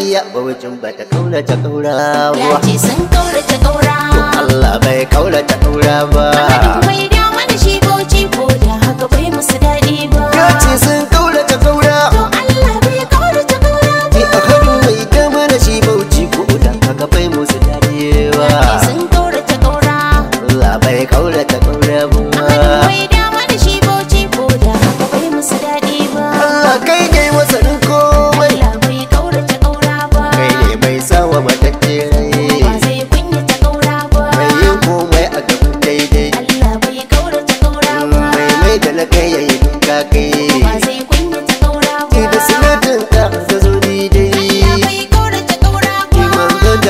ƙarya ba wajen ba ta kaulata kaura ba ya ce sun kaulata kaura Allah bai kaulata kaura ba mai da mana shi bauchi ko da haka bai musu dadi ba ya ce sun kaulata kaura Allah bai kaulata kaura ba a hannu mai da mana shi bauchi ko da haka bai musu dadi ba ya ce sun kaulata kaura Allah bai kaulata kaura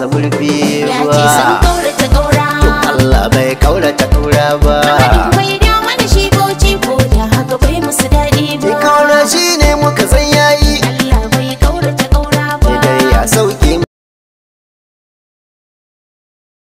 masa mulki ba